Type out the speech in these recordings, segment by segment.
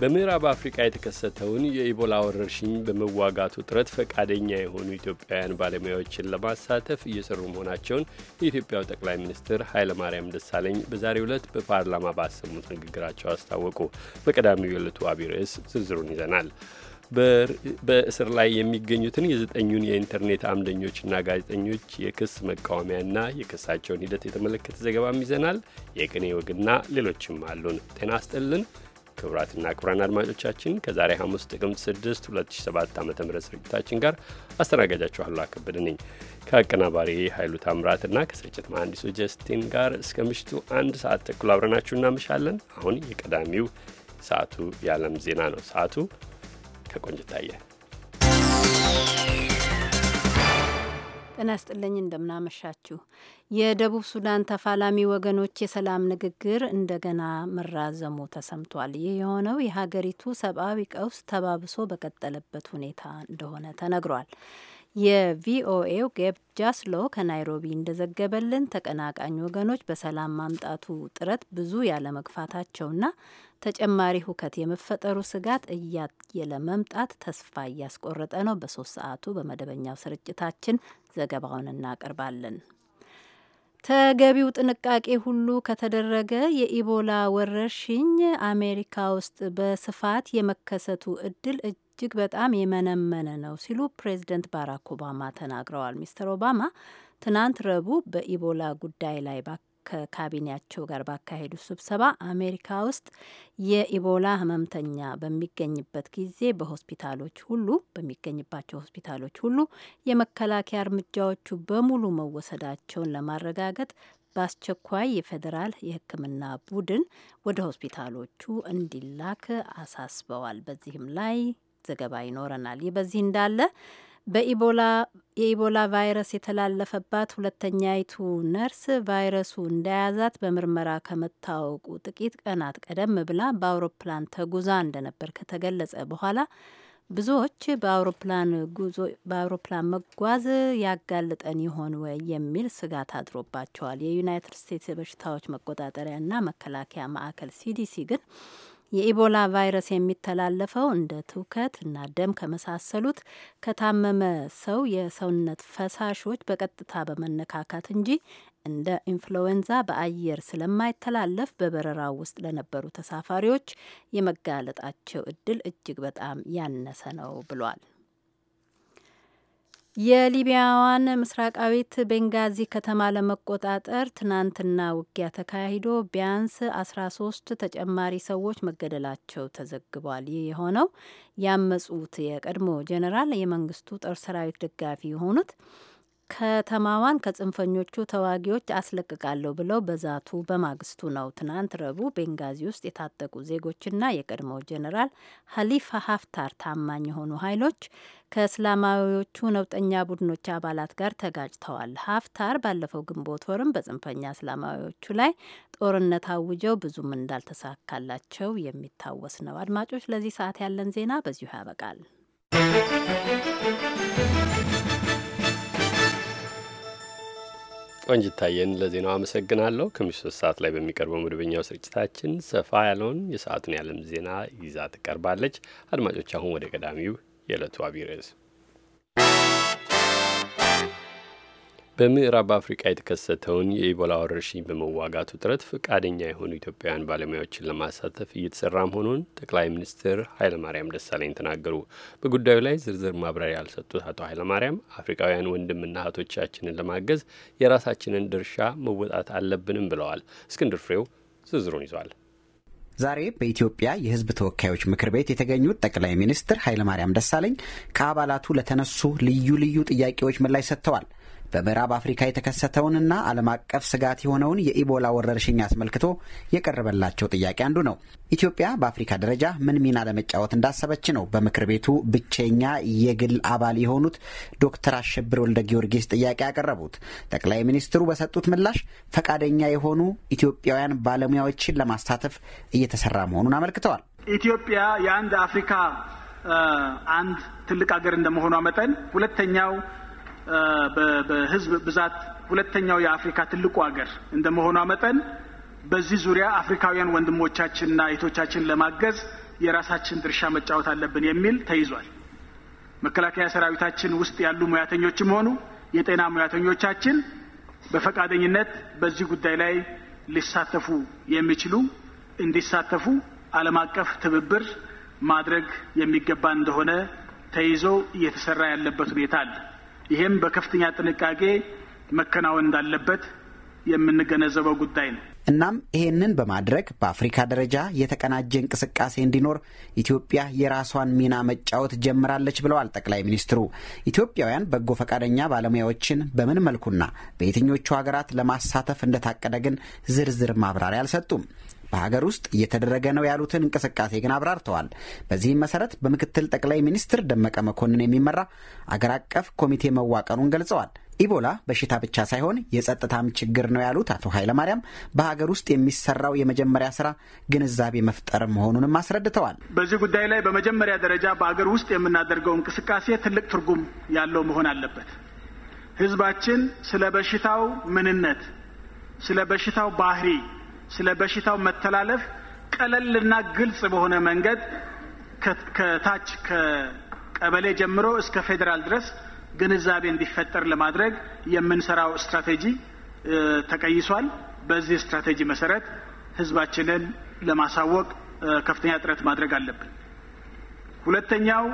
በምዕራብ አፍሪቃ የተከሰተውን የኢቦላ ወረርሽኝ በመዋጋቱ ጥረት ፈቃደኛ የሆኑ ኢትዮጵያውያን ባለሙያዎችን ለማሳተፍ እየሰሩ መሆናቸውን የኢትዮጵያው ጠቅላይ ሚኒስትር ኃይለማርያም ደሳለኝ በዛሬው ዕለት በፓርላማ ባሰሙት ንግግራቸው አስታወቁ። በቀዳሚው የዕለቱ አብይ ርዕስ ዝርዝሩን ይዘናል። በእስር ላይ የሚገኙትን የዘጠኙን የኢንተርኔት አምደኞችና ጋዜጠኞች የክስ መቃወሚያና የክሳቸውን ሂደት የተመለከተ ዘገባም ይዘናል። የቅኔ ወግና ሌሎችም አሉን። ጤና አስጥልን ክቡራትና ክቡራን አድማጮቻችን ከዛሬ ሐሙስ ጥቅምት 6 2007 ዓ ም ስርጭታችን ጋር አስተናጋጃችኋሉ አሉላ ነኝ ከአቀናባሪ ኃይሉ ታምራትና ከስርጭት መሐንዲሱ ጀስቲን ጋር እስከ ምሽቱ አንድ ሰዓት ተኩል አብረናችሁ እናመሻለን። አሁን የቀዳሚው ሰዓቱ የዓለም ዜና ነው። ሰዓቱ ከቆንጅታየ ጤና ይስጥልኝ እንደምናመሻችሁ። የደቡብ ሱዳን ተፋላሚ ወገኖች የሰላም ንግግር እንደገና መራዘሙ ተሰምቷል። ይህ የሆነው የሀገሪቱ ሰብአዊ ቀውስ ተባብሶ በቀጠለበት ሁኔታ እንደሆነ ተነግሯል። የቪኦኤው ጌብ ጃስሎ ከናይሮቢ እንደዘገበልን ተቀናቃኝ ወገኖች በሰላም ማምጣቱ ጥረት ብዙ ያለመግፋታቸውና ተጨማሪ ሁከት የመፈጠሩ ስጋት እያየለ መምጣት ተስፋ እያስቆረጠ ነው። በሶስት ሰዓቱ በመደበኛው ስርጭታችን ዘገባውን እናቀርባለን። ተገቢው ጥንቃቄ ሁሉ ከተደረገ የኢቦላ ወረርሽኝ አሜሪካ ውስጥ በስፋት የመከሰቱ እድል እጅግ በጣም የመነመነ ነው ሲሉ ፕሬዚደንት ባራክ ኦባማ ተናግረዋል። ሚስተር ኦባማ ትናንት ረቡዕ በኢቦላ ጉዳይ ላይ ባ። ከካቢኔያቸው ጋር ባካሄዱ ስብሰባ አሜሪካ ውስጥ የኢቦላ ህመምተኛ በሚገኝበት ጊዜ በሆስፒታሎች ሁሉ በሚገኝባቸው ሆስፒታሎች ሁሉ የመከላከያ እርምጃዎቹ በሙሉ መወሰዳቸውን ለማረጋገጥ በአስቸኳይ የፌዴራል የሕክምና ቡድን ወደ ሆስፒታሎቹ እንዲላክ አሳስበዋል። በዚህም ላይ ዘገባ ይኖረናል። ይህ በዚህ እንዳለ በኢቦላ የኢቦላ ቫይረስ የተላለፈባት ሁለተኛይቱ ነርስ ቫይረሱ እንደያዛት በምርመራ ከመታወቁ ጥቂት ቀናት ቀደም ብላ በአውሮፕላን ተጉዛ እንደነበር ከተገለጸ በኋላ ብዙዎች በአውሮፕላን ጉዞ በአውሮፕላን መጓዝ ያጋልጠን ይሆን ወይ የሚል ስጋት አድሮባቸዋል። የዩናይትድ ስቴትስ የበሽታዎች መቆጣጠሪያና መከላከያ ማዕከል ሲዲሲ ግን የኢቦላ ቫይረስ የሚተላለፈው እንደ ትውከት እና ደም ከመሳሰሉት ከታመመ ሰው የሰውነት ፈሳሾች በቀጥታ በመነካካት እንጂ እንደ ኢንፍሉዌንዛ በአየር ስለማይተላለፍ በበረራው ውስጥ ለነበሩ ተሳፋሪዎች የመጋለጣቸው እድል እጅግ በጣም ያነሰ ነው ብሏል። የሊቢያዋን ምስራቃዊት ቤንጋዚ ከተማ ለመቆጣጠር ትናንትና ውጊያ ተካሂዶ ቢያንስ አስራ ሶስት ተጨማሪ ሰዎች መገደላቸው ተዘግቧል። ይህ የሆነው ያመጹት የቀድሞ ጀኔራል የመንግስቱ ጦር ሰራዊት ደጋፊ የሆኑት ከተማዋን ከጽንፈኞቹ ተዋጊዎች አስለቅቃለሁ ብለው በዛቱ በማግስቱ ነው ትናንት ረቡዕ ቤንጋዚ ውስጥ የታጠቁ ዜጎችና የቀድሞው ጀኔራል ሀሊፋ ሀፍታር ታማኝ የሆኑ ኃይሎች ከእስላማዊዎቹ ነውጠኛ ቡድኖች አባላት ጋር ተጋጭተዋል። ሀፍታር ባለፈው ግንቦት ወርም በጽንፈኛ እስላማዊዎቹ ላይ ጦርነት አውጀው ብዙም እንዳልተሳካላቸው የሚታወስ ነው። አድማጮች፣ ለዚህ ሰዓት ያለን ዜና በዚሁ ያበቃል። ቆንጅታየን ለዜናው አመሰግናለሁ። ከምሽቱ ሶስት ሰዓት ላይ በሚቀርበው መደበኛው ስርጭታችን ሰፋ ያለውን የሰዓቱን የዓለም ዜና ይዛ ትቀርባለች። አድማጮች፣ አሁን ወደ ቀዳሚው የዕለቱ አብይ ርዕስ በምዕራብ አፍሪቃ የተከሰተውን የኢቦላ ወረርሽኝ በመዋጋቱ ጥረት ፈቃደኛ የሆኑ ኢትዮጵያውያን ባለሙያዎችን ለማሳተፍ እየተሰራ መሆኑን ጠቅላይ ሚኒስትር ኃይለማርያም ደሳለኝ ተናገሩ። በጉዳዩ ላይ ዝርዝር ማብራሪያ ያልሰጡት አቶ ኃይለማርያም አፍሪካውያን ወንድምና እህቶቻችንን ለማገዝ የራሳችንን ድርሻ መወጣት አለብንም ብለዋል። እስክንድር ፍሬው ዝርዝሩን ይዟል። ዛሬ በኢትዮጵያ የሕዝብ ተወካዮች ምክር ቤት የተገኙት ጠቅላይ ሚኒስትር ኃይለማርያም ደሳለኝ ከአባላቱ ለተነሱ ልዩ ልዩ ጥያቄዎች ምላሽ ሰጥተዋል። በምዕራብ አፍሪካ የተከሰተውንና ዓለም አቀፍ ስጋት የሆነውን የኢቦላ ወረርሽኝ አስመልክቶ የቀረበላቸው ጥያቄ አንዱ ነው። ኢትዮጵያ በአፍሪካ ደረጃ ምን ሚና ለመጫወት እንዳሰበች ነው በምክር ቤቱ ብቸኛ የግል አባል የሆኑት ዶክተር አሸብር ወልደ ጊዮርጊስ ጥያቄ ያቀረቡት። ጠቅላይ ሚኒስትሩ በሰጡት ምላሽ ፈቃደኛ የሆኑ ኢትዮጵያውያን ባለሙያዎችን ለማሳተፍ እየተሰራ መሆኑን አመልክተዋል። ኢትዮጵያ የአንድ አፍሪካ አንድ ትልቅ ሀገር እንደመሆኗ መጠን ሁለተኛው በህዝብ ብዛት ሁለተኛው የአፍሪካ ትልቁ ሀገር እንደመሆኗ መጠን በዚህ ዙሪያ አፍሪካውያን ወንድሞቻችንና እህቶቻችን ለማገዝ የራሳችን ድርሻ መጫወት አለብን የሚል ተይዟል። መከላከያ ሰራዊታችን ውስጥ ያሉ ሙያተኞችም ሆኑ የጤና ሙያተኞቻችን በፈቃደኝነት በዚህ ጉዳይ ላይ ሊሳተፉ የሚችሉ እንዲሳተፉ ዓለም አቀፍ ትብብር ማድረግ የሚገባ እንደሆነ ተይዞ እየተሰራ ያለበት ሁኔታ አለ። ይህም በከፍተኛ ጥንቃቄ መከናወን እንዳለበት የምንገነዘበው ጉዳይ ነው። እናም ይሄንን በማድረግ በአፍሪካ ደረጃ የተቀናጀ እንቅስቃሴ እንዲኖር ኢትዮጵያ የራሷን ሚና መጫወት ጀምራለች ብለዋል ጠቅላይ ሚኒስትሩ። ኢትዮጵያውያን በጎ ፈቃደኛ ባለሙያዎችን በምን መልኩና በየትኞቹ ሀገራት ለማሳተፍ እንደታቀደ ግን ዝርዝር ማብራሪያ አልሰጡም። በሀገር ውስጥ እየተደረገ ነው ያሉትን እንቅስቃሴ ግን አብራርተዋል። በዚህም መሰረት በምክትል ጠቅላይ ሚኒስትር ደመቀ መኮንን የሚመራ አገር አቀፍ ኮሚቴ መዋቀሩን ገልጸዋል። ኢቦላ በሽታ ብቻ ሳይሆን የጸጥታም ችግር ነው ያሉት አቶ ኃይለማርያም በሀገር ውስጥ የሚሰራው የመጀመሪያ ስራ ግንዛቤ መፍጠር መሆኑንም አስረድተዋል። በዚህ ጉዳይ ላይ በመጀመሪያ ደረጃ በሀገር ውስጥ የምናደርገው እንቅስቃሴ ትልቅ ትርጉም ያለው መሆን አለበት። ህዝባችን ስለ በሽታው ምንነት፣ ስለ በሽታው ባህሪ ስለ በሽታው መተላለፍ ቀለልና ግልጽ በሆነ መንገድ ከታች ከቀበሌ ጀምሮ እስከ ፌዴራል ድረስ ግንዛቤ እንዲፈጠር ለማድረግ የምንሰራው ስትራቴጂ ተቀይሷል። በዚህ ስትራቴጂ መሰረት ህዝባችንን ለማሳወቅ ከፍተኛ ጥረት ማድረግ አለብን። ሁለተኛው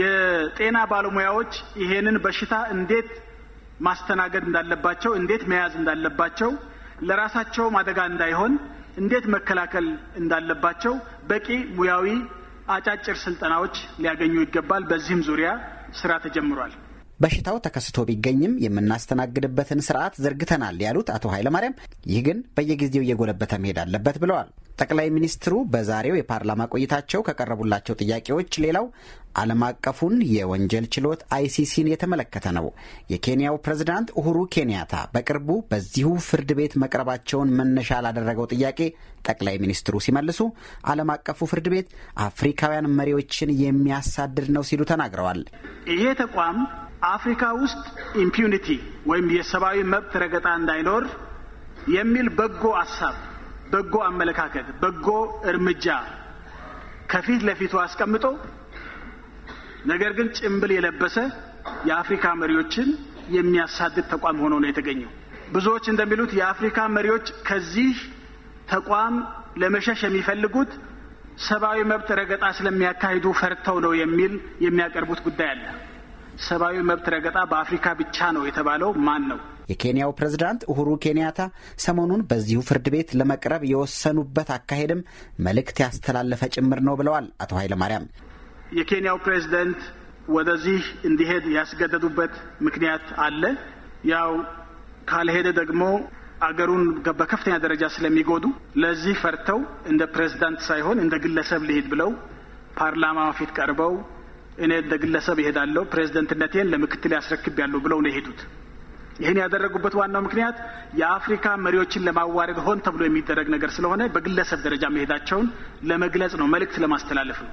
የጤና ባለሙያዎች ይሄንን በሽታ እንዴት ማስተናገድ እንዳለባቸው፣ እንዴት መያዝ እንዳለባቸው ለራሳቸውም አደጋ እንዳይሆን እንዴት መከላከል እንዳለባቸው በቂ ሙያዊ አጫጭር ስልጠናዎች ሊያገኙ ይገባል። በዚህም ዙሪያ ስራ ተጀምሯል። በሽታው ተከስቶ ቢገኝም የምናስተናግድበትን ስርዓት ዘርግተናል ያሉት አቶ ኃይለማርያም፣ ይህ ግን በየጊዜው እየጎለበተ መሄድ አለበት ብለዋል። ጠቅላይ ሚኒስትሩ በዛሬው የፓርላማ ቆይታቸው ከቀረቡላቸው ጥያቄዎች ሌላው ዓለም አቀፉን የወንጀል ችሎት አይሲሲን የተመለከተ ነው። የኬንያው ፕሬዝዳንት ኡሁሩ ኬንያታ በቅርቡ በዚሁ ፍርድ ቤት መቅረባቸውን መነሻ ላደረገው ጥያቄ ጠቅላይ ሚኒስትሩ ሲመልሱ ዓለም አቀፉ ፍርድ ቤት አፍሪካውያን መሪዎችን የሚያሳድድ ነው ሲሉ ተናግረዋል። ይሄ ተቋም አፍሪካ ውስጥ ኢምፒዩኒቲ ወይም የሰብአዊ መብት ረገጣ እንዳይኖር የሚል በጎ አሳብ በጎ አመለካከት፣ በጎ እርምጃ ከፊት ለፊቱ አስቀምጦ ነገር ግን ጭምብል የለበሰ የአፍሪካ መሪዎችን የሚያሳድድ ተቋም ሆኖ ነው የተገኘው። ብዙዎች እንደሚሉት የአፍሪካ መሪዎች ከዚህ ተቋም ለመሸሽ የሚፈልጉት ሰብአዊ መብት ረገጣ ስለሚያካሂዱ ፈርተው ነው የሚል የሚያቀርቡት ጉዳይ አለ። ሰብአዊ መብት ረገጣ በአፍሪካ ብቻ ነው የተባለው ማን ነው? የኬንያው ፕሬዝዳንት ኡሁሩ ኬንያታ ሰሞኑን በዚሁ ፍርድ ቤት ለመቅረብ የወሰኑበት አካሄድም መልእክት ያስተላለፈ ጭምር ነው ብለዋል አቶ ኃይለማርያም። የኬንያው ፕሬዝደንት ወደዚህ እንዲሄድ ያስገደዱበት ምክንያት አለ። ያው ካልሄደ ደግሞ አገሩን በከፍተኛ ደረጃ ስለሚጎዱ ለዚህ ፈርተው እንደ ፕሬዝዳንት ሳይሆን እንደ ግለሰብ ልሂድ ብለው ፓርላማ ፊት ቀርበው እኔ እንደ ግለሰብ ይሄዳለሁ ፕሬዝደንትነቴን ለምክትል ያስረክብ ያለሁ ብለው ነው የሄዱት። ይህን ያደረጉበት ዋናው ምክንያት የአፍሪካ መሪዎችን ለማዋረድ ሆን ተብሎ የሚደረግ ነገር ስለሆነ በግለሰብ ደረጃ መሄዳቸውን ለመግለጽ ነው፣ መልእክት ለማስተላለፍ ነው።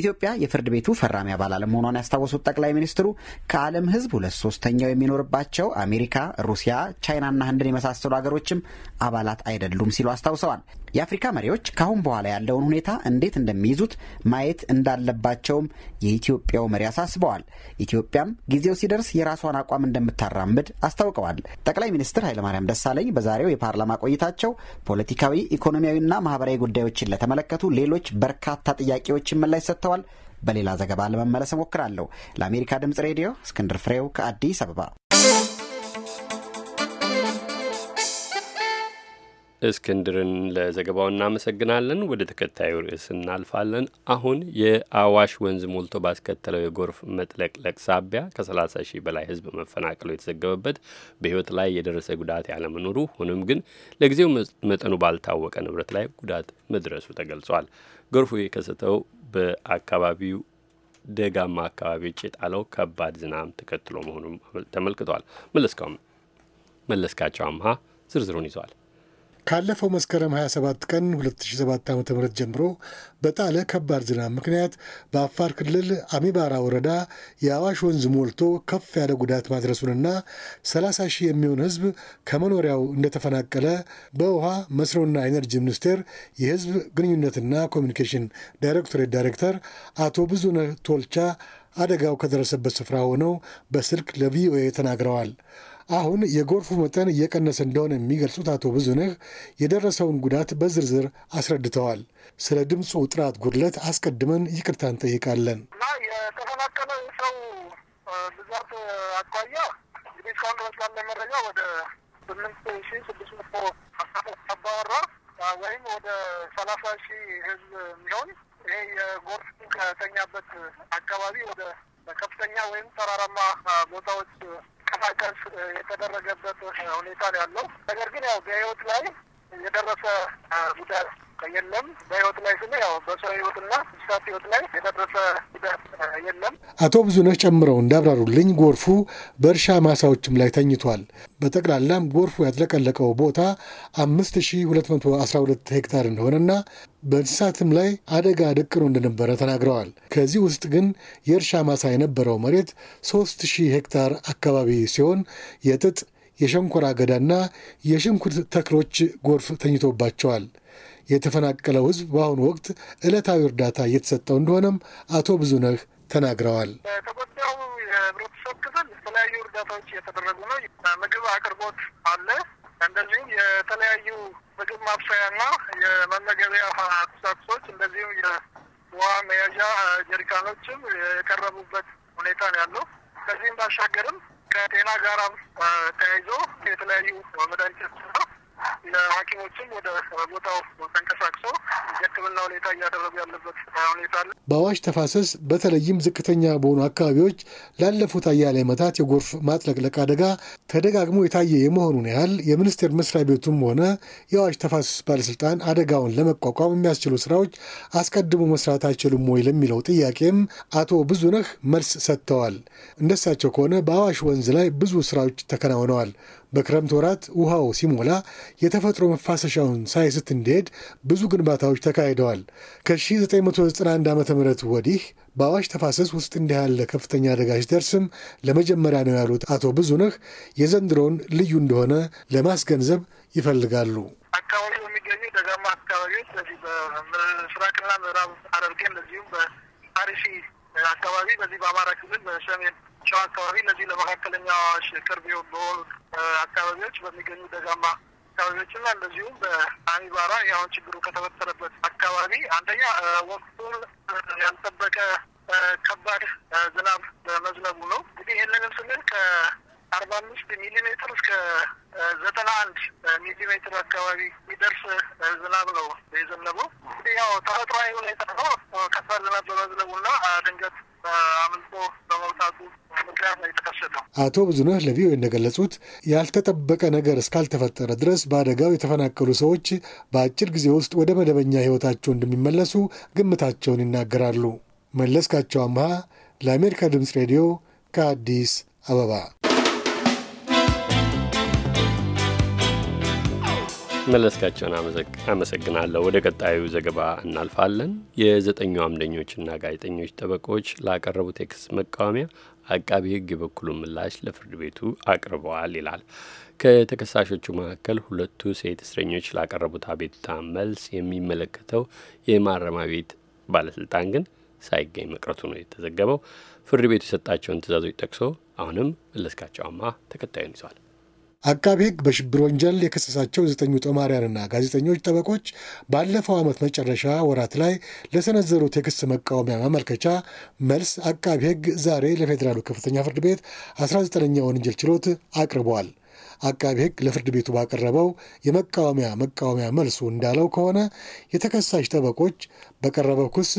ኢትዮጵያ የፍርድ ቤቱ ፈራሚ አባል አለመሆኗን ያስታወሱት ጠቅላይ ሚኒስትሩ ከዓለም ሕዝብ ሁለት ሶስተኛው የሚኖርባቸው አሜሪካ፣ ሩሲያ፣ ቻይናና ህንድን የመሳሰሉ ሀገሮችም አባላት አይደሉም ሲሉ አስታውሰዋል። የአፍሪካ መሪዎች ከአሁን በኋላ ያለውን ሁኔታ እንዴት እንደሚይዙት ማየት እንዳለባቸውም የኢትዮጵያው መሪ አሳስበዋል። ኢትዮጵያም ጊዜው ሲደርስ የራሷን አቋም እንደምታራምድ አስታውቀዋል። ጠቅላይ ሚኒስትር ኃይለማርያም ደሳለኝ በዛሬው የፓርላማ ቆይታቸው ፖለቲካዊ፣ ኢኮኖሚያዊና ማህበራዊ ጉዳዮችን ለተመለከቱ ሌሎች በርካታ ጥያቄዎችን ምላሽ ሰጥተዋል። ሰጥተዋል። በሌላ ዘገባ ለመመለስ እሞክራለሁ። ለአሜሪካ ድምፅ ሬዲዮ እስክንድር ፍሬው ከአዲስ አበባ እስክንድርን ለዘገባው እናመሰግናለን። ወደ ተከታዩ ርዕስ እናልፋለን። አሁን የአዋሽ ወንዝ ሞልቶ ባስከተለው የጎርፍ መጥለቅለቅ ሳቢያ ከ30 ሺህ በላይ ሕዝብ መፈናቀሉ የተዘገበበት በሕይወት ላይ የደረሰ ጉዳት ያለመኖሩ፣ ሆኖም ግን ለጊዜው መጠኑ ባልታወቀ ንብረት ላይ ጉዳት መድረሱ ተገልጿል። ጎርፉ የከሰተው በአካባቢው ደጋማ አካባቢዎች የጣለው ከባድ ዝናብ ተከትሎ መሆኑም ተመልክቷል። መለስካቸው አምሃ ዝርዝሩን ይዟል። ካለፈው መስከረም 27 ቀን 2007 ዓ ም ጀምሮ በጣለ ከባድ ዝናብ ምክንያት በአፋር ክልል አሚባራ ወረዳ የአዋሽ ወንዝ ሞልቶ ከፍ ያለ ጉዳት ማድረሱንና 30 ሺህ የሚሆን ሕዝብ ከመኖሪያው እንደተፈናቀለ በውሃ መስኖና ኤነርጂ ሚኒስቴር የሕዝብ ግንኙነትና ኮሚኒኬሽን ዳይሬክቶሬት ዳይሬክተር አቶ ብዙነህ ቶልቻ አደጋው ከደረሰበት ስፍራ ሆነው በስልክ ለቪኦኤ ተናግረዋል። አሁን የጎርፉ መጠን እየቀነሰ እንደሆነ የሚገልጹት አቶ ብዙነህ የደረሰውን ጉዳት በዝርዝር አስረድተዋል። ስለ ድምፁ ጥራት ጉድለት አስቀድመን ይቅርታ እንጠይቃለን እና የተፈናቀለው ሰው ብዛት አኳያ እንግዲህ እስካሁን ድረስ ባለ መረጃ ወደ ስምንት ሺ ስድስት መቶ አባወራ ወይም ወደ ሰላሳ ሺ ህዝብ የሚሆን ይሄ የጎርፍ ከተኛበት አካባቢ ወደ ከፍተኛ ወይም ተራራማ ቦታዎች እንዲቀሳቀስ የተደረገበት ሁኔታ ነው ያለው። ነገር ግን ያው በህይወት ላይ የደረሰ ጉዳት የለም። በህይወት ላይ ስለ ያው በሰው ህይወትና እንስሳት ህይወት ላይ የደረሰ ጉዳት የለም። አቶ ብዙነህ ጨምረው እንዳብራሩልኝ ጎርፉ በእርሻ ማሳዎችም ላይ ተኝቷል። በጠቅላላም ጎርፉ ያጥለቀለቀው ቦታ አምስት ሺ ሁለት መቶ አስራ ሁለት ሄክታር እንደሆነና በእንስሳትም ላይ አደጋ ደቅኖ እንደነበረ ተናግረዋል። ከዚህ ውስጥ ግን የእርሻ ማሳ የነበረው መሬት ሶስት ሺህ ሄክታር አካባቢ ሲሆን የጥጥ የሸንኮራ አገዳና የሽንኩርት ተክሎች ጎርፍ ተኝቶባቸዋል። የተፈናቀለው ህዝብ በአሁኑ ወቅት ዕለታዊ እርዳታ እየተሰጠው እንደሆነም አቶ ብዙነህ ተናግረዋል። የተጎዳው የህብረተሰብ ክፍል የተለያዩ እርዳታዎች እየተደረጉ ነው። ምግብ አቅርቦት አለ። እንደዚሁም የተለያዩ ምግብ ማብሰያና የመመገቢያ ቁሳቁሶች እንደዚሁም የውሃ መያዣ ጀሪካኖችም የቀረቡበት ሁኔታ ነው ያለው። ከዚህም ባሻገርም ከጤና ጋራም ተያይዞ የተለያዩ መድኃኒቶችና ለሐኪሞችም ወደ ቦታው ተንቀሳቅሶ የሕክምና ሁኔታ እያደረጉ ያለበት ሁኔታ አለ። በአዋሽ ተፋሰስ በተለይም ዝቅተኛ በሆኑ አካባቢዎች ላለፉት አያሌ ዓመታት የጎርፍ ማጥለቅለቅ አደጋ ተደጋግሞ የታየ የመሆኑን ያህል የሚኒስቴር መስሪያ ቤቱም ሆነ የአዋሽ ተፋሰስ ባለስልጣን አደጋውን ለመቋቋም የሚያስችሉ ስራዎች አስቀድሞ መስራት አይችሉም ወይ ለሚለው ጥያቄም አቶ ብዙነህ መልስ ሰጥተዋል። እንደሳቸው ከሆነ በአዋሽ ወንዝ ላይ ብዙ ስራዎች ተከናውነዋል። በክረምት ወራት ውሃው ሲሞላ የተፈጥሮ መፋሰሻውን ሳይስት እንዲሄድ ብዙ ግንባታዎች ተካሂደዋል። ከ1991 ዓ ም ወዲህ በአዋሽ ተፋሰስ ውስጥ እንዲህ ያለ ከፍተኛ አደጋ ሲደርስም ለመጀመሪያ ነው ያሉት አቶ ብዙነህ የዘንድሮውን ልዩ እንደሆነ ለማስገንዘብ ይፈልጋሉ። አካባቢ የሚገኙ ደጋማ አካባቢዎች በዚህ በምስራቅና ምዕራብ ሐረርጌ እንደዚሁም በአርሲ አካባቢ በዚህ በአማራ ክልል በሰሜን መጨረሻው አካባቢ እነዚህ ለመካከለኛ አዋሽ ቅርብ በሆኑ አካባቢዎች በሚገኙ ደጋማ አካባቢዎች እና እንደዚሁም በአሚባራ የአሁን ችግሩ ከተፈጠረበት አካባቢ አንደኛ ወቅቱን ያልጠበቀ ከባድ ዝናብ በመዝነቡ ነው። እንግዲህ ይህንንም ስንል ከአርባ አምስት ሚሊሜትር እስከ ዘጠና አንድ ሚሊሜትር አካባቢ የሚደርስ ዝናብ ነው የዘነበው። እንግዲህ ያው ተፈጥሯዊ ሁኔታ ነው። ከባድ ዝናብ በመዝነቡ እና ድንገት አምልጦ በመውጣቱ ምክንያት ነው የተከሰተው። አቶ ብዙነህ ለቪኦኤ እንደገለጹት ያልተጠበቀ ነገር እስካልተፈጠረ ድረስ በአደጋው የተፈናቀሉ ሰዎች በአጭር ጊዜ ውስጥ ወደ መደበኛ ህይወታቸው እንደሚመለሱ ግምታቸውን ይናገራሉ። መለስካቸው አምሃ ለአሜሪካ ድምፅ ሬዲዮ ከአዲስ አበባ መለስካቸውን አመሰግናለሁ። ወደ ቀጣዩ ዘገባ እናልፋለን። የዘጠኙ አምደኞችና ጋዜጠኞች ጠበቆች ላቀረቡት የክስ መቃወሚያ አቃቢ ሕግ የበኩሉን ምላሽ ለፍርድ ቤቱ አቅርበዋል ይላል። ከተከሳሾቹ መካከል ሁለቱ ሴት እስረኞች ላቀረቡት አቤቱታ መልስ የሚመለከተው የማረሚያ ቤት ባለስልጣን ግን ሳይገኝ መቅረቱ ነው የተዘገበው። ፍርድ ቤቱ የሰጣቸውን ትእዛዞች ጠቅሶ አሁንም አማ ተከታዩን ይዟል። አቃቢ ሕግ በሽብር ወንጀል የከሰሳቸው ዘጠኙ ጦማሪያንና ጋዜጠኞች ጠበቆች ባለፈው ዓመት መጨረሻ ወራት ላይ ለሰነዘሩት የክስ መቃወሚያ ማመልከቻ መልስ አቃቢ ሕግ ዛሬ ለፌዴራሉ ከፍተኛ ፍርድ ቤት 19ኛ ወንጀል ችሎት አቅርበዋል። አቃቢ ሕግ ለፍርድ ቤቱ ባቀረበው የመቃወሚያ መቃወሚያ መልሱ እንዳለው ከሆነ የተከሳሽ ጠበቆች በቀረበው ክስ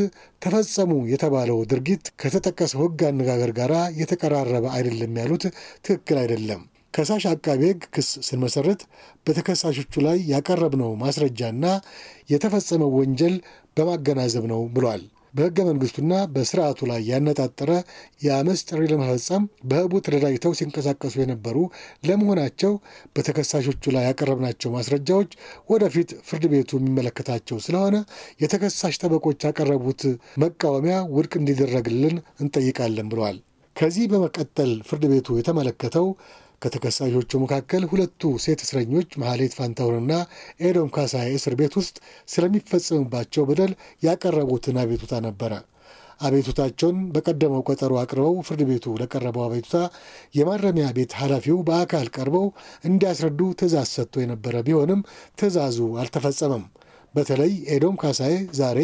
ተፈጸሙ የተባለው ድርጊት ከተጠቀሰው ሕግ አነጋገር ጋር የተቀራረበ አይደለም ያሉት ትክክል አይደለም። ከሳሽ አቃቤ ሕግ ክስ ስንመሠረት በተከሳሾቹ ላይ ያቀረብነው ማስረጃና የተፈጸመው ወንጀል በማገናዘብ ነው ብሏል። በሕገ መንግሥቱና በስርዓቱ ላይ ያነጣጠረ የአመፅ ጥሪ ለመፈጸም በህቡ ተደራጅተው ሲንቀሳቀሱ የነበሩ ለመሆናቸው በተከሳሾቹ ላይ ያቀረብናቸው ማስረጃዎች ወደፊት ፍርድ ቤቱ የሚመለከታቸው ስለሆነ የተከሳሽ ጠበቆች ያቀረቡት መቃወሚያ ውድቅ እንዲደረግልን እንጠይቃለን ብለዋል። ከዚህ በመቀጠል ፍርድ ቤቱ የተመለከተው ከተከሳሾቹ መካከል ሁለቱ ሴት እስረኞች መሐሌት ፋንታሁንና ኤዶም ካሳይ እስር ቤት ውስጥ ስለሚፈጸምባቸው በደል ያቀረቡትን አቤቱታ ነበረ። አቤቱታቸውን በቀደመው ቀጠሮ አቅርበው ፍርድ ቤቱ ለቀረበው አቤቱታ የማረሚያ ቤት ኃላፊው በአካል ቀርበው እንዲያስረዱ ትዕዛዝ ሰጥቶ የነበረ ቢሆንም ትዕዛዙ አልተፈጸመም። በተለይ ኤዶም ካሳዬ ዛሬ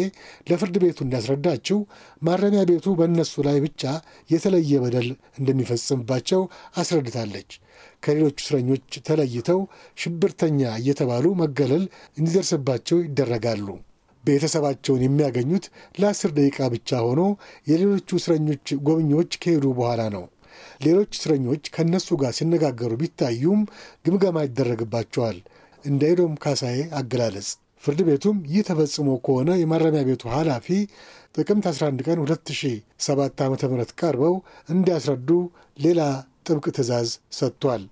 ለፍርድ ቤቱ እንዳስረዳችው ማረሚያ ቤቱ በእነሱ ላይ ብቻ የተለየ በደል እንደሚፈጽምባቸው አስረድታለች። ከሌሎቹ እስረኞች ተለይተው ሽብርተኛ እየተባሉ መገለል እንዲደርስባቸው ይደረጋሉ። ቤተሰባቸውን የሚያገኙት ለአስር ደቂቃ ብቻ ሆኖ የሌሎቹ እስረኞች ጎብኚዎች ከሄዱ በኋላ ነው። ሌሎች እስረኞች ከእነሱ ጋር ሲነጋገሩ ቢታዩም ግምገማ ይደረግባቸዋል። እንደ ኤዶም ካሳዬ አገላለጽ ፍርድ ቤቱም ይህ ተፈጽሞ ከሆነ የማረሚያ ቤቱ ኃላፊ ጥቅምት 11 ቀን 2007 ዓ ም ቀርበው እንዲያስረዱ ሌላ ጥብቅ ትዕዛዝ ሰጥቷል።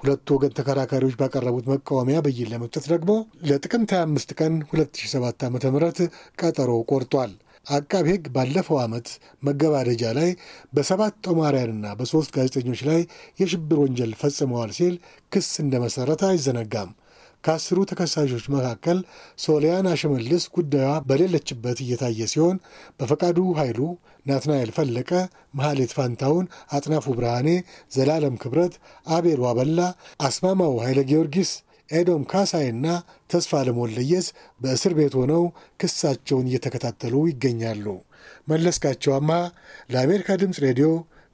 ሁለቱ ወገን ተከራካሪዎች ባቀረቡት መቃወሚያ ብይን ለመስጠት ደግሞ ለጥቅምት 25 ቀን 2007 ዓ ም ቀጠሮ ቆርጧል። አቃቤ ሕግ ባለፈው ዓመት መገባደጃ ላይ በሰባት ጦማርያንና በሦስት ጋዜጠኞች ላይ የሽብር ወንጀል ፈጽመዋል ሲል ክስ እንደመሠረተ አይዘነጋም። ከአስሩ ተከሳሾች መካከል ሶሊያና ሽመልስ ጉዳዩ በሌለችበት እየታየ ሲሆን በፈቃዱ ኃይሉ፣ ናትናኤል ፈለቀ፣ መሐሌት ፋንታውን፣ አጥናፉ ብርሃኔ፣ ዘላለም ክብረት፣ አቤል ዋበላ፣ አስማማው ኃይለ ጊዮርጊስ፣ ኤዶም ካሳይና ተስፋ ለሞለየስ በእስር ቤት ሆነው ክሳቸውን እየተከታተሉ ይገኛሉ። መለስካቸው አማሃ ለአሜሪካ ድምፅ ሬዲዮ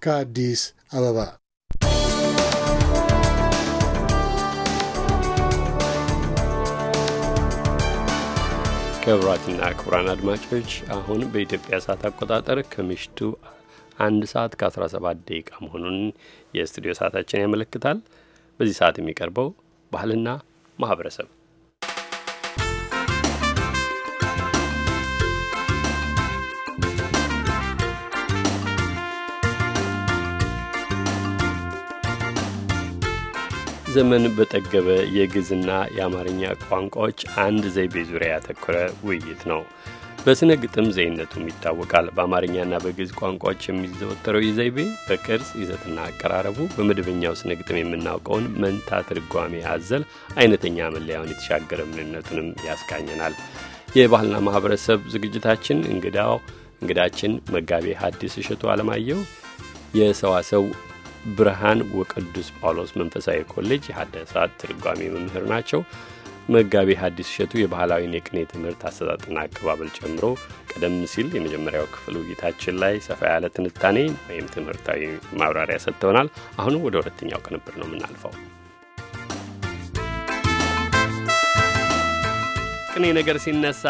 ከአዲስ አበባ ክቡራትና ክቡራን አድማጮች አሁን በኢትዮጵያ ሰዓት አቆጣጠር ከምሽቱ አንድ ሰዓት ከ17 ደቂቃ መሆኑን የስቱዲዮ ሰዓታችን ያመለክታል። በዚህ ሰዓት የሚቀርበው ባህልና ማህበረሰብ ዘመን በጠገበ የግዕዝና የአማርኛ ቋንቋዎች አንድ ዘይቤ ዙሪያ ያተኮረ ውይይት ነው። በሥነ ግጥም ዘይነቱም ይታወቃል። በአማርኛና በግዕዝ ቋንቋዎች የሚዘወተረው ይህ ዘይቤ በቅርጽ ይዘትና አቀራረቡ በመደበኛው ስነ ግጥም የምናውቀውን መንታ ትርጓሜ አዘል አይነተኛ መለያውን የተሻገረ ምንነቱንም ያስቃኘናል። የባህልና ማኅበረሰብ ዝግጅታችን እንግዳው እንግዳችን መጋቤ ሐዲስ እሸቱ አለማየሁ የሰዋሰው ብርሃን ወቅዱስ ጳውሎስ መንፈሳዊ ኮሌጅ የሐድሳት ትርጓሜ መምህር ናቸው። መጋቢ ሐዲስ እሸቱ የባህላዊ የቅኔ ትምህርት አሰጣጥና አቀባበል ጨምሮ ቀደም ሲል የመጀመሪያው ክፍል ውይይታችን ላይ ሰፋ ያለ ትንታኔ ወይም ትምህርታዊ ማብራሪያ ሰጥተውናል። አሁንም ወደ ሁለተኛው ቅንብር ነው የምናልፈው። ቅኔ ነገር ሲነሳ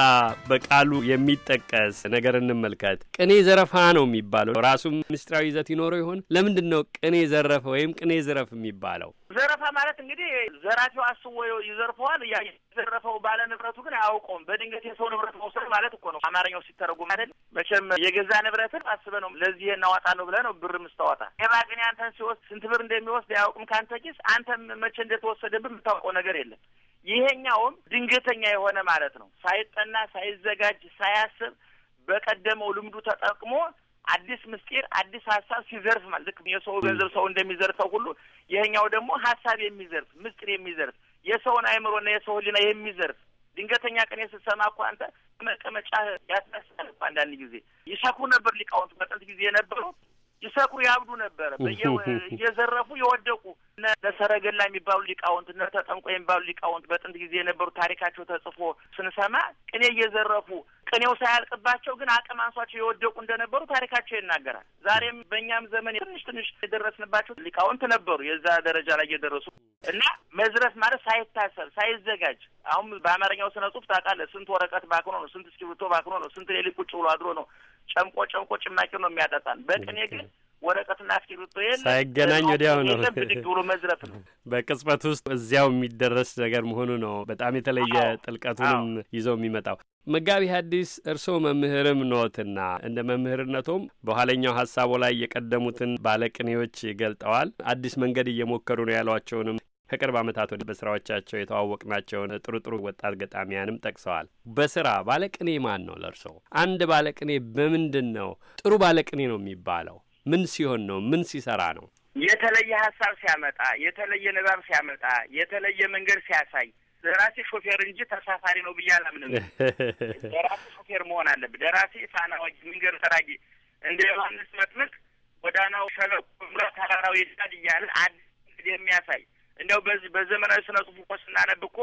በቃሉ የሚጠቀስ ነገር እንመልከት። ቅኔ ዘረፋ ነው የሚባለው። ራሱም ምስጢራዊ ይዘት ይኖረው ይሆን? ለምንድን ነው ቅኔ ዘረፈ ወይም ቅኔ ዘረፍ የሚባለው? ዘረፋ ማለት እንግዲህ ዘራፊው አስቦ ይዘርፈዋል። እያ የተዘረፈው ባለ ንብረቱ ግን አያውቀውም። በድንገት የሰው ንብረት መውሰድ ማለት እኮ ነው አማርኛው ሲተረጉም አይደል? መቼም የገዛ ንብረትን አስበህ ነው ለዚህ እናዋጣ ነው ብለህ ነው ብር ምስታዋጣ። ሌባ ግን ያንተን ሲወስድ ስንት ብር እንደሚወስድ አያውቅም። ከአንተ ኪስ አንተም መቼ እንደተወሰደብህ የምታውቀው ነገር የለም። ይሄኛውም ድንገተኛ የሆነ ማለት ነው። ሳይጠና ሳይዘጋጅ ሳያስብ በቀደመው ልምዱ ተጠቅሞ አዲስ ምስጢር አዲስ ሀሳብ ሲዘርፍ ማለት ልክ የሰው ገንዘብ ሰው እንደሚዘርፈው ሁሉ ይሄኛው ደግሞ ሀሳብ የሚዘርፍ ምስጢር የሚዘርፍ የሰውን አእምሮና የሰው ህሊና የሚዘርፍ ድንገተኛ ቀን ስትሰማ እኮ አንተ መቀመጫ ያስነሳል። አንዳንድ ጊዜ ይሰኩ ነበር ሊቃውንት በጥንት ጊዜ የነበሩት ይሰቅሩ ያብዱ ነበረ። እየዘረፉ የወደቁ ሰረገላ የሚባሉ ሊቃውንት፣ ነተጠምቆ የሚባሉ ሊቃውንት በጥንት ጊዜ የነበሩ ታሪካቸው ተጽፎ ስንሰማ ቅኔ እየዘረፉ ቅኔው ሳያልቅባቸው ግን አቅም አንሷቸው የወደቁ እንደነበሩ ታሪካቸው ይናገራል። ዛሬም በእኛም ዘመን ትንሽ ትንሽ የደረስንባቸው ሊቃውንት ነበሩ የዛ ደረጃ ላይ እየደረሱ እና መዝረፍ ማለት ሳይታሰብ ሳይዘጋጅ አሁን በአማርኛው ስነ ጽሁፍ ታውቃለህ፣ ስንት ወረቀት ባክኖ ነው፣ ስንት እስክሪብቶ ባክኖ ነው፣ ስንት ሌሊት ቁጭ ብሎ አድሮ ነው ጨምቆ ጨምቆ ጭማቂው ነው የሚያጠጣን። በቅኔ ግን ወረቀትና እስክሪብቶ ሳይገናኝ ወዲያው ነው ብድግ ብሎ መዝረት ነው። በቅጽበት ውስጥ እዚያው የሚደረስ ነገር መሆኑ ነው። በጣም የተለየ ጥልቀቱንም ይዘው የሚመጣው መጋቢ ሐዲስ እርስዎ መምህርም ኖትና እንደ መምህርነቶም በኋለኛው ሀሳቡ ላይ የቀደሙትን ባለቅኔዎች ገልጠዋል። አዲስ መንገድ እየሞከሩ ነው ያሏቸውንም ከቅርብ ዓመታት ወደ በስራዎቻቸው የተዋወቅናቸውን ጥሩ ጥሩ ወጣት ገጣሚያንም ጠቅሰዋል። በስራ ባለቅኔ ማን ነው ለርሶ? አንድ ባለቅኔ በምንድን ነው ጥሩ ባለቅኔ ነው የሚባለው? ምን ሲሆን ነው? ምን ሲሰራ ነው? የተለየ ሀሳብ ሲያመጣ፣ የተለየ ንባብ ሲያመጣ፣ የተለየ መንገድ ሲያሳይ። ደራሲ ሾፌር እንጂ ተሳፋሪ ነው ብዬ አላምንም። ደራሲ ሾፌር መሆን አለብህ። ደራሲ ፋና ወጊ፣ መንገድ ጠራጊ፣ እንደ ዮሐንስ መጥምቅ ጎዳናው ሸለቆ፣ ተራራው ይዳድ እያለ አዲስ የሚያሳይ እንደው በዚህ በዘመናዊ ስነ ጽሁፍ እኮ ስናነብ እኮ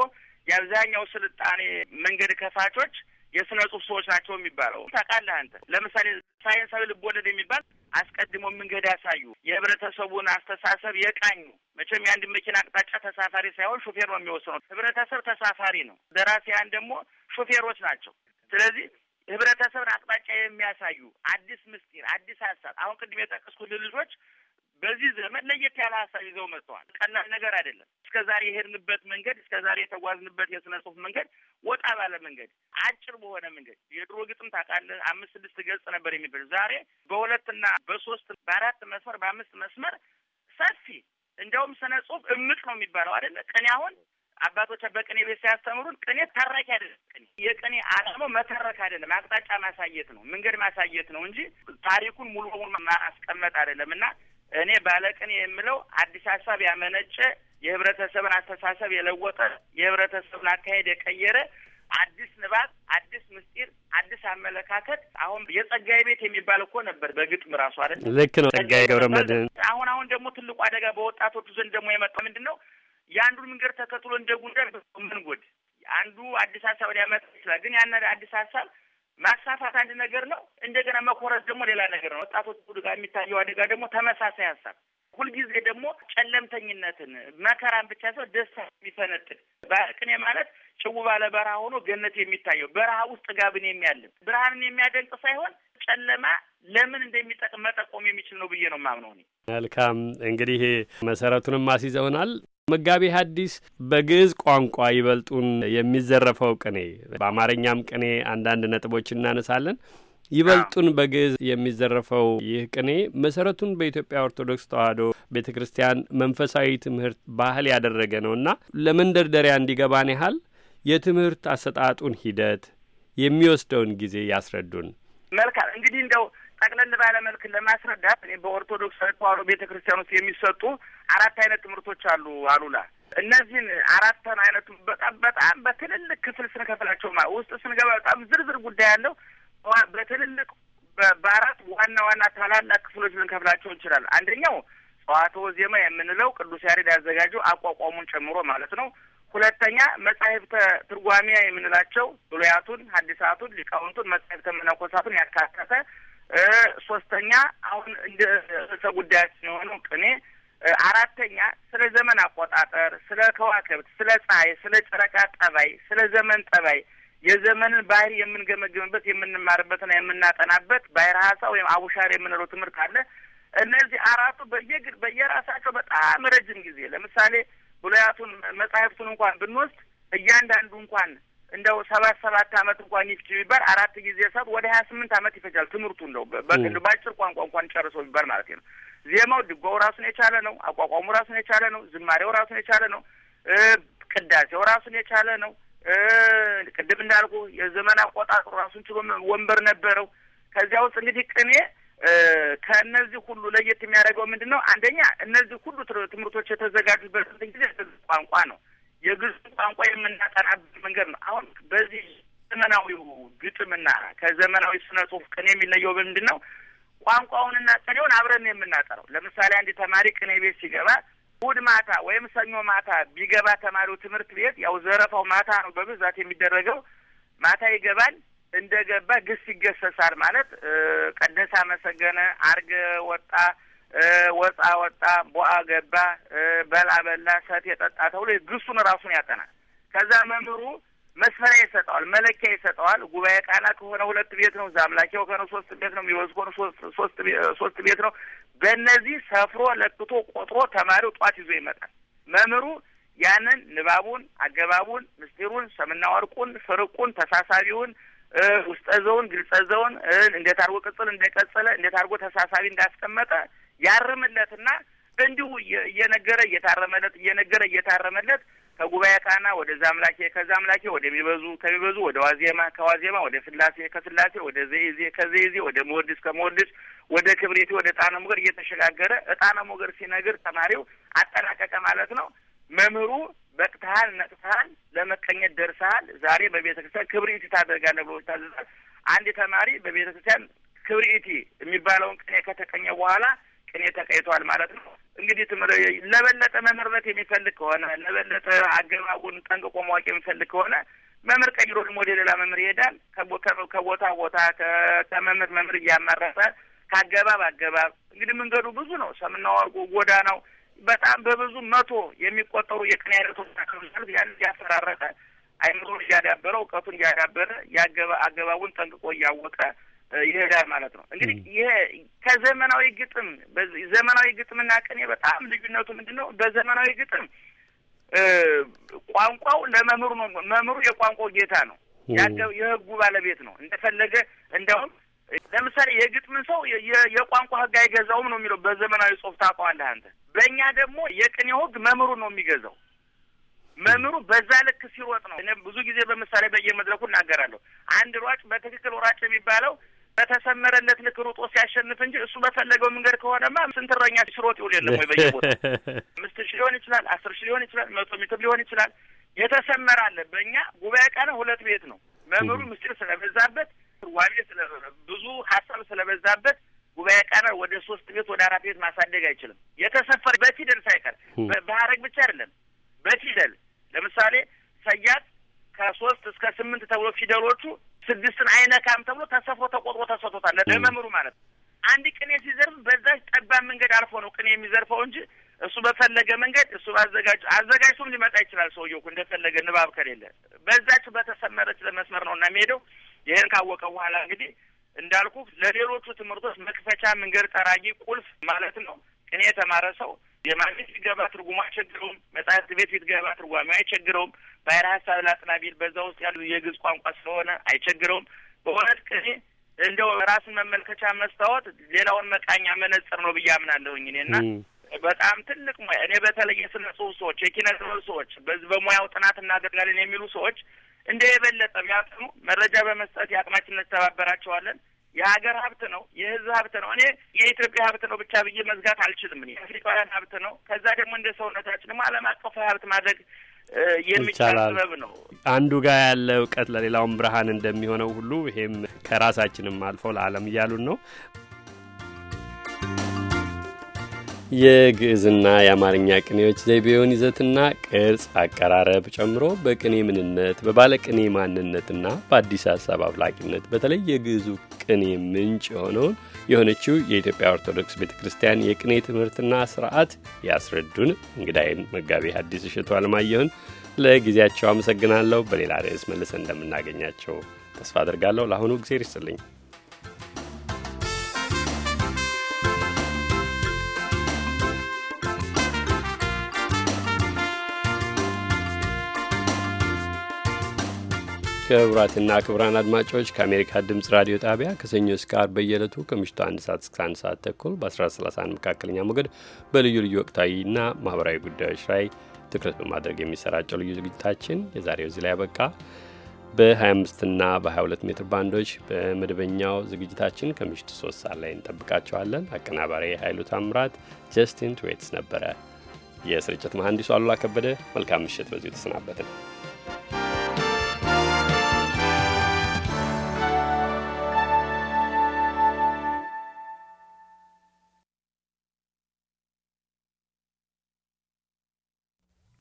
የአብዛኛው ስልጣኔ መንገድ ከፋቾች የስነ ጽሁፍ ሰዎች ናቸው የሚባለው ታውቃለህ አንተ። ለምሳሌ ሳይንሳዊ ልቦለድ የሚባል አስቀድሞ መንገድ ያሳዩ፣ የህብረተሰቡን አስተሳሰብ የቃኙ። መቼም የአንድ መኪና አቅጣጫ ተሳፋሪ ሳይሆን ሹፌር ነው የሚወስነው። ህብረተሰብ ተሳፋሪ ነው፣ ደራሲያን ደግሞ ሹፌሮች ናቸው። ስለዚህ ህብረተሰብን አቅጣጫ የሚያሳዩ አዲስ ምስጢር፣ አዲስ ሀሳብ አሁን ቅድም የጠቀስኩት ልልጆች በዚህ ዘመን ለየት ያለ ሀሳብ ይዘው መጥተዋል። ቀላል ነገር አይደለም። እስከ ዛሬ የሄድንበት መንገድ፣ እስከ ዛሬ የተጓዝንበት የስነ ጽሁፍ መንገድ ወጣ ባለ መንገድ፣ አጭር በሆነ መንገድ የድሮ ግጥም ታውቃለህ፣ አምስት ስድስት ገጽ ነበር የሚበል ዛሬ በሁለትና በሶስት በአራት መስመር በአምስት መስመር ሰፊ እንዲያውም ስነ ጽሁፍ እምቅ ነው የሚባለው አይደለ? ቅኔ አሁን አባቶች በቅኔ ቤት ሲያስተምሩን ቅኔ ተራኪ አይደለም። ቅኔ የቅኔ ዓላማው መተረክ አይደለም፣ አቅጣጫ ማሳየት ነው፣ መንገድ ማሳየት ነው እንጂ ታሪኩን ሙሉ በሙሉ ማስቀመጥ አይደለም እና እኔ ባለቅኔ የምለው አዲስ ሀሳብ ያመነጨ የህብረተሰብን አስተሳሰብ የለወጠ የህብረተሰብን አካሄድ የቀየረ አዲስ ንባብ፣ አዲስ ምስጢር፣ አዲስ አመለካከት። አሁን የጸጋዬ ቤት የሚባል እኮ ነበር በግጥም ራሱ አይደል? ልክ ነው። ጸጋዬ ገብረመድህን። አሁን አሁን ደግሞ ትልቁ አደጋ በወጣቶቹ ዘንድ ደግሞ የመጣ ምንድን ነው? የአንዱን መንገድ ተከትሎ እንደ ጉንዳን መንጎድ። አንዱ አዲስ ሀሳብን ያመጣ ይችላል፣ ግን ያን አዲስ ሀሳብ ማስፋፋት አንድ ነገር ነው። እንደገና መኮረስ ደግሞ ሌላ ነገር ነው። ወጣቶች ቡድ ጋር የሚታየው አደጋ ደግሞ ተመሳሳይ ሀሳብ ሁልጊዜ ደግሞ ጨለምተኝነትን መከራን ብቻ ሰው ደስታ የሚፈነጥቅ ቅኔ ማለት ጭው ባለ በረሃ ሆኖ ገነት የሚታየው በረሃ ውስጥ ጋብን የሚያልም ብርሃንን የሚያደንቅ ሳይሆን ጨለማ ለምን እንደሚጠቅም መጠቆም የሚችል ነው ብዬ ነው የማምነው እኔ። መልካም እንግዲህ መሰረቱንም አስይዘውናል። መጋቢ ሐዲስ በግዕዝ ቋንቋ ይበልጡን የሚዘረፈው ቅኔ፣ በአማርኛም ቅኔ አንዳንድ ነጥቦች እናነሳለን። ይበልጡን በግዕዝ የሚዘረፈው ይህ ቅኔ መሰረቱን በኢትዮጵያ ኦርቶዶክስ ተዋሕዶ ቤተ ክርስቲያን መንፈሳዊ ትምህርት ባህል ያደረገ ነውና ለመንደርደሪያ እንዲገባን ያህል የትምህርት አሰጣጡን ሂደት የሚወስደውን ጊዜ ያስረዱን። መልካም እንግዲህ እንደው ጠቅለል ባለ መልክ ለማስረዳት እኔ በኦርቶዶክሳዊ ተዋሕዶ ቤተ ክርስቲያን ውስጥ የሚሰጡ አራት አይነት ትምህርቶች አሉ አሉላ እነዚህን አራተን አይነቱ በጣም በጣም በትልልቅ ክፍል ስንከፍላቸው ውስጥ ስንገባ በጣም ዝርዝር ጉዳይ ያለው በትልልቅ በአራት ዋና ዋና ታላላቅ ክፍሎች ልንከፍላቸው እንችላለን። አንደኛው ጸዋትወ ዜማ የምንለው ቅዱስ ያሬድ ያዘጋጀው አቋቋሙን ጨምሮ ማለት ነው። ሁለተኛ መጻሕፍተ ትርጓሜያ የምንላቸው ብሉያቱን፣ ሐዲሳቱን፣ ሊቃውንቱን፣ መጻሕፍተ መነኮሳቱን ያካተተ ሶስተኛ አሁን እንደ ርዕሰ ጉዳያችን የሆነው ቅኔ፣ አራተኛ ስለ ዘመን አቆጣጠር፣ ስለ ከዋክብት፣ ስለ ፀሐይ፣ ስለ ጨረቃ ጠባይ፣ ስለ ዘመን ጠባይ የዘመንን ባህሪ የምንገመግምበት የምንማርበትና የምናጠናበት ባህረ ሀሳ ወይም አቡሻር የምንለው ትምህርት አለ። እነዚህ አራቱ በየግ በየራሳቸው በጣም ረጅም ጊዜ ለምሳሌ ብሉያቱን መጽሐፍቱን እንኳን ብንወስድ እያንዳንዱ እንኳን እንደው ሰባት ሰባት አመት እንኳን ይፍች ቢባል አራት ጊዜ ሰብ ወደ ሀያ ስምንት አመት ይፈጃል። ትምህርቱ እንደው በአጭር ቋንቋ እንኳን ጨርሰው ቢባል ማለት ነው። ዜማው ድጓው ራሱን የቻለ ነው። አቋቋሙ ራሱን የቻለ ነው። ዝማሬው ራሱን የቻለ ነው። ቅዳሴው ራሱን የቻለ ነው። ቅድም እንዳልኩ የዘመን አቆጣጠሩ ራሱን ችሎ ወንበር ነበረው። ከዚያ ውስጥ እንግዲህ ቅኔ ከእነዚህ ሁሉ ለየት የሚያደርገው ምንድን ነው? አንደኛ እነዚህ ሁሉ ትምህርቶች የተዘጋጁበት ጊዜ ቋንቋ ነው። የግዙ ቋንቋ የምናጠናበት መንገድ ነው። አሁን በዚህ ዘመናዊው ግጥምና ከዘመናዊ ስነ ጽሁፍ ቅኔ የሚለየው ምንድን ነው? ቋንቋውንና ቅኔውን አብረን የምናጠረው። ለምሳሌ አንድ ተማሪ ቅኔ ቤት ሲገባ እሑድ ማታ ወይም ሰኞ ማታ ቢገባ ተማሪው ትምህርት ቤት ያው ዘረፋው ማታ ነው በብዛት የሚደረገው። ማታ ይገባል። እንደገባ ግስ ይገሰሳል ማለት ቀደሰ፣ አመሰገነ፣ አርገ ወጣ ወጣ ወጣ፣ ቦአ ገባ፣ በላ በላ፣ ሰት የጠጣ ተብሎ ግሱን ራሱን ያጠናል። ከዛ መምህሩ መስፈሪያ ይሰጠዋል፣ መለኪያ ይሰጠዋል። ጉባኤ ቃና ከሆነ ሁለት ቤት ነው፣ እዛ ዛምላኪያው ከሆነ ሶስት ቤት ነው፣ የሚበዙ ከሆነ ሶስት ቤት ነው። በእነዚህ ሰፍሮ ለክቶ ቆጥሮ ተማሪው ጧት ይዞ ይመጣል። መምህሩ ያንን ንባቡን፣ አገባቡን፣ ምስጢሩን፣ ሰምና ወርቁን፣ ፍርቁን፣ ተሳሳቢውን፣ ውስጠ ዘውን ግልጸ ዘውን እንዴት አድርጎ ቅጽል እንደቀጸለ እንዴት አድርጎ ተሳሳቢ እንዳስቀመጠ ያርምለትና እንዲሁ እየነገረ እየታረመለት እየነገረ እየታረመለት ከጉባኤ ቃና ወደዛ አምላኬ ከዛ አምላኬ ወደሚበዙ ከሚበዙ ወደ ዋዜማ ከዋዜማ ወደ ስላሴ ከስላሴ ወደ ዘይዜ ከዘይዜ ወደ መወድስ ከመወድስ ወደ ክብሪቴ ወደ ጣነ ሞገር እየተሸጋገረ እጣነ ሞገር ሲነግር ተማሪው አጠናቀቀ ማለት ነው። መምህሩ በቅተሃል፣ ነቅተሃል፣ ለመቀኘት ደርሰሃል፣ ዛሬ በቤተ ክርስቲያን ክብሪቲ ታደርጋለህ ብሎ ታዘዛል። አንድ ተማሪ በቤተ ክርስቲያን ክብሪቲ የሚባለውን ቅኔ ከተቀኘ በኋላ ቅኔ ተቀይቷል ማለት ነው። እንግዲህ ለበለጠ መምህርነት የሚፈልግ ከሆነ ለበለጠ አገባቡን ጠንቅቆ ማወቅ የሚፈልግ ከሆነ መምህር ቀይሮ ደግሞ ወደ ሌላ መምህር ይሄዳል። ከቦታ ቦታ ከመምህር መምህር እያመረጠ ከአገባብ አገባብ እንግዲህ መንገዱ ብዙ ነው። ሰምናዋቁ ወርቁ ጎዳናው በጣም በብዙ መቶ የሚቆጠሩ የቅኔ አይነቶች ናቸው። ያን እያፈራረቀ አይምሮን እያዳበረ እውቀቱን እያዳበረ የአገባ አገባቡን ጠንቅቆ እያወቀ ይሄዳል ማለት ነው። እንግዲህ ይሄ ከዘመናዊ ግጥም ዘመናዊ ግጥምና ቅኔ በጣም ልዩነቱ ምንድን ነው? በዘመናዊ ግጥም ቋንቋው ለመምህሩ ነው። መምህሩ የቋንቋው ጌታ ነው፣ የህጉ ባለቤት ነው። እንደፈለገ እንደውም ለምሳሌ የግጥምን ሰው የቋንቋ ህግ አይገዛውም ነው የሚለው በዘመናዊ ጽሁፍ ታውቀዋለህ አንተ። በእኛ ደግሞ የቅኔው ህግ መምህሩ ነው የሚገዛው። መምህሩ በዛ ልክ ሲሮጥ ነው። ብዙ ጊዜ በምሳሌ በየመድረኩ እናገራለሁ። አንድ ሯጭ በትክክል ሯጭ የሚባለው በተሰመረለት ልክ ሩጦ ሲያሸንፍ እንጂ እሱ በፈለገው መንገድ ከሆነማ ስንትረኛ ሲሮጥ ይውል የለም ወይ? በየቦታ አምስት ሺ ሊሆን ይችላል፣ አስር ሺ ሊሆን ይችላል፣ መቶ ሜትር ሊሆን ይችላል። የተሰመራለ በእኛ ጉባኤ ቀን ሁለት ቤት ነው። መምህሩ ምስጢር ስለበዛበት ዋቤ ስለ ብዙ ሀሳብ ስለበዛበት ጉባኤ ቀረ ወደ ሶስት ቤት ወደ አራት ቤት ማሳደግ አይችልም። የተሰፈረ በፊደል ሳይቀር በሀረግ ብቻ አይደለም በፊደል ለምሳሌ ሰያት ከሶስት እስከ ስምንት ተብሎ ፊደሎቹ ስድስትን አይነካም ተብሎ ተሰፎ ተቆጥሮ ተሰቶታል ለመምሩ ማለት ነው። አንድ ቅኔ ሲዘርፍ በዛች ጠባብ መንገድ አልፎ ነው ቅኔ የሚዘርፈው እንጂ እሱ በፈለገ መንገድ እሱ አዘጋጅ አዘጋጅቱም ሊመጣ ይችላል። ሰውየው እንደፈለገ ንባብ ከሌለ በዛች በተሰመረች ለመስመር ነው እና የሚሄደው። ይህን ካወቀ በኋላ እንግዲህ እንዳልኩ ለሌሎቹ ትምህርቶች መክፈቻ መንገድ ጠራጊ ቁልፍ ማለት ነው ቅኔ የተማረ ሰው የማግኘት ቢትገባ ትርጉሙ አይቸግረውም። መጽሐፍ ቤት ቢትገባ ትርጓሚ አይቸግረውም። ባሕረ ሀሳብ ላጥና ቢል በዛ ውስጥ ያሉ የግዝ ቋንቋ ስለሆነ አይቸግረውም። በእውነት ቅኔ እንደው ራስን መመልከቻ መስታወት፣ ሌላውን መቃኛ መነጽር ነው ብዬ አምናለሁኝ እኔ እና በጣም ትልቅ ሙያ እኔ በተለይ የስነ ጽሁፍ ሰዎች፣ የኪነ ጥበብ ሰዎች፣ በዚህ በሙያው ጥናት እናደርጋለን የሚሉ ሰዎች እንደ የበለጠ የሚያጠኑ መረጃ በመስጠት የአቅማችን እንተባበራቸዋለን። የሀገር ሀብት ነው፣ የህዝብ ሀብት ነው። እኔ የኢትዮጵያ ሀብት ነው ብቻ ብዬ መዝጋት አልችልም። እኔ የአፍሪካውያን ሀብት ነው። ከዛ ደግሞ እንደ ሰውነታችን ደግሞ ዓለም አቀፍ ሀብት ማድረግ የሚቻል ጥበብ ነው። አንዱ ጋር ያለ እውቀት ለሌላውም ብርሃን እንደሚሆነው ሁሉ ይሄም ከራሳችንም አልፈው ለዓለም እያሉን ነው። የግዕዝና የአማርኛ ቅኔዎች ዘይቤውን ይዘትና ቅርጽ አቀራረብ ጨምሮ በቅኔ ምንነት፣ በባለቅኔ ማንነትና በአዲስ ሀሳብ አፍላቂነት በተለይ የግዕዙ እኔ ምንጭ የሆነውን የሆነችው የኢትዮጵያ ኦርቶዶክስ ቤተ ክርስቲያን የቅኔ ትምህርትና ስርዓት ያስረዱን እንግዳይን መጋቢ ሐዲስ እሸቱ አለማየሁን ለጊዜያቸው አመሰግናለሁ። በሌላ ርዕስ መልሰን እንደምናገኛቸው ተስፋ አድርጋለሁ። ለአሁኑ እግዜር ይስጥልኝ። ክቡራትና ክቡራን አድማጮች ከአሜሪካ ድምፅ ራዲዮ ጣቢያ ከሰኞ እስከ ዓርብ በየዕለቱ ከምሽቱ አንድ ሰዓት እስከ አንድ ሰዓት ተኩል በ1131 መካከለኛ ሞገድ በልዩ ልዩ ወቅታዊና ማህበራዊ ጉዳዮች ላይ ትኩረት በማድረግ የሚሰራጨው ልዩ ዝግጅታችን የዛሬው እዚህ ላይ ያበቃ። በ25 እና በ22 ሜትር ባንዶች በመደበኛው ዝግጅታችን ከምሽቱ 3 ሰዓት ላይ እንጠብቃቸዋለን። አቀናባሪ ኃይሉ ታምራት፣ ጀስቲን ትዌትስ ነበረ። የስርጭት መሐንዲሱ አሉላ ከበደ። መልካም ምሽት። በዚሁ ተሰናበትን።